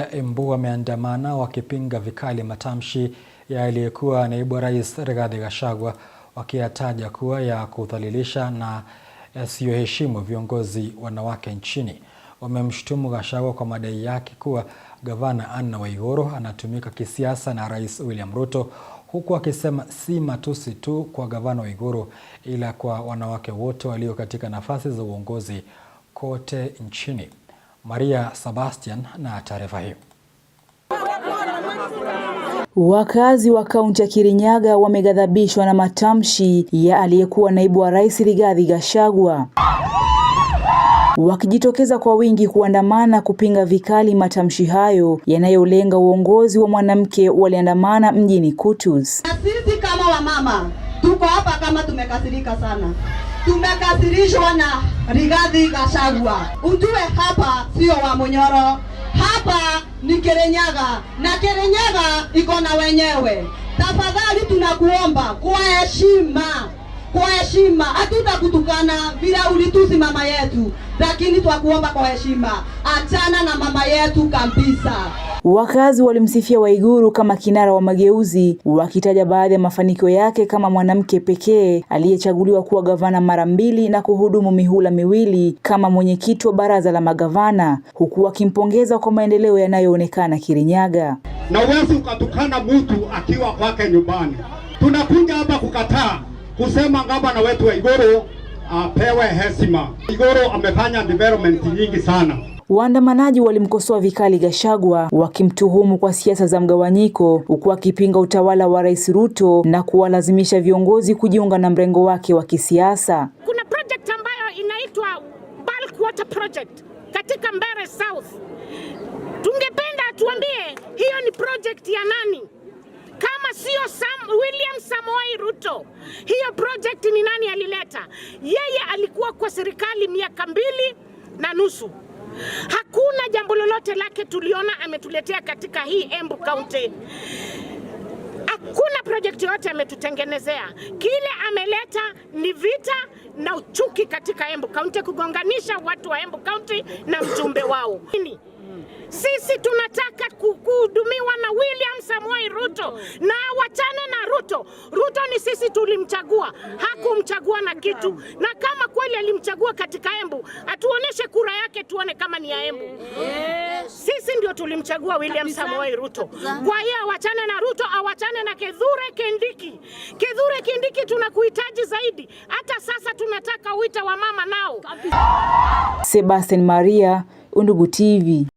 ya Embu wameandamana wakipinga vikali matamshi ya aliyekuwa naibu rais Rigathi Gachagua wakiyataja kuwa ya kudhalilisha na yasiyoheshimu viongozi wanawake nchini. Wamemshutumu Gachagua kwa madai yake kuwa gavana Anne Waiguru anatumika kisiasa na Rais William Ruto, huku akisema si matusi tu kwa gavana Waiguru ila kwa wanawake wote walio katika nafasi za uongozi kote nchini. Maria Sebastian na taarifa hiyo. Wakazi wa kaunti ya Kirinyaga wameghadhabishwa na matamshi ya aliyekuwa naibu wa rais Rigathi Gachagua wakijitokeza kwa wingi kuandamana kupinga vikali matamshi hayo yanayolenga uongozi wa mwanamke. Waliandamana mjini Kutus. Na sisi kama wamama tuko hapa kama tumekasirika sana tumekasirishwa na Rigathi Gachagua. Utue hapa sio wa Munyoro, hapa ni Kirinyaga na Kirinyaga iko na wenyewe. Tafadhali tunakuomba kwa heshima kwa heshima, hatutakutukana vile ulituzi mama yetu, lakini twakuomba kwa heshima, achana na mama yetu kabisa. Wakazi walimsifia Waiguru kama kinara wa mageuzi, wakitaja baadhi ya mafanikio yake kama mwanamke pekee aliyechaguliwa kuwa gavana mara mbili na kuhudumu mihula miwili kama mwenyekiti wa baraza la magavana, huku wakimpongeza kwa maendeleo yanayoonekana Kirinyaga. Na uwezi ukatukana mtu akiwa kwake nyumbani. Tunakuja hapa kukataa kusema gavana wetu wa Igoro apewe heshima. Igoro amefanya development nyingi sana. Waandamanaji walimkosoa vikali Gachagua wakimtuhumu kwa siasa za mgawanyiko, huku akipinga utawala wa Rais Ruto na kuwalazimisha viongozi kujiunga na mrengo wake wa kisiasa. Kuna project ambayo inaitwa Bulk Water Project katika Mbeere South. Tungependa tuambie hiyo ni project ya nani kama sio William Samoei Ruto. Hiyo project ni nani alileta? Yeye alikuwa kwa serikali miaka mbili na nusu. Hakuna jambo lolote lake tuliona ametuletea katika hii Embu County. Hakuna project yote ametutengenezea. Kile ameleta ni vita na uchuki katika Embu County, kugonganisha watu wa Embu County na mjumbe wao. Sisi tunataka kuhudumiwa na William Ruto na wachane na Ruto. Ruto ni sisi tulimchagua, hakumchagua na kitu. Na kama kweli alimchagua katika Embu, atuoneshe kura yake tuone kama ni ya Embu. Sisi ndio tulimchagua William Samoei Ruto. Kwa hiyo awachane na Ruto, awachane na Kithure Kindiki. Kithure Kindiki tunakuhitaji zaidi, hata sasa tunataka uita wa mama nao. Sebastian Maria, Undugu TV.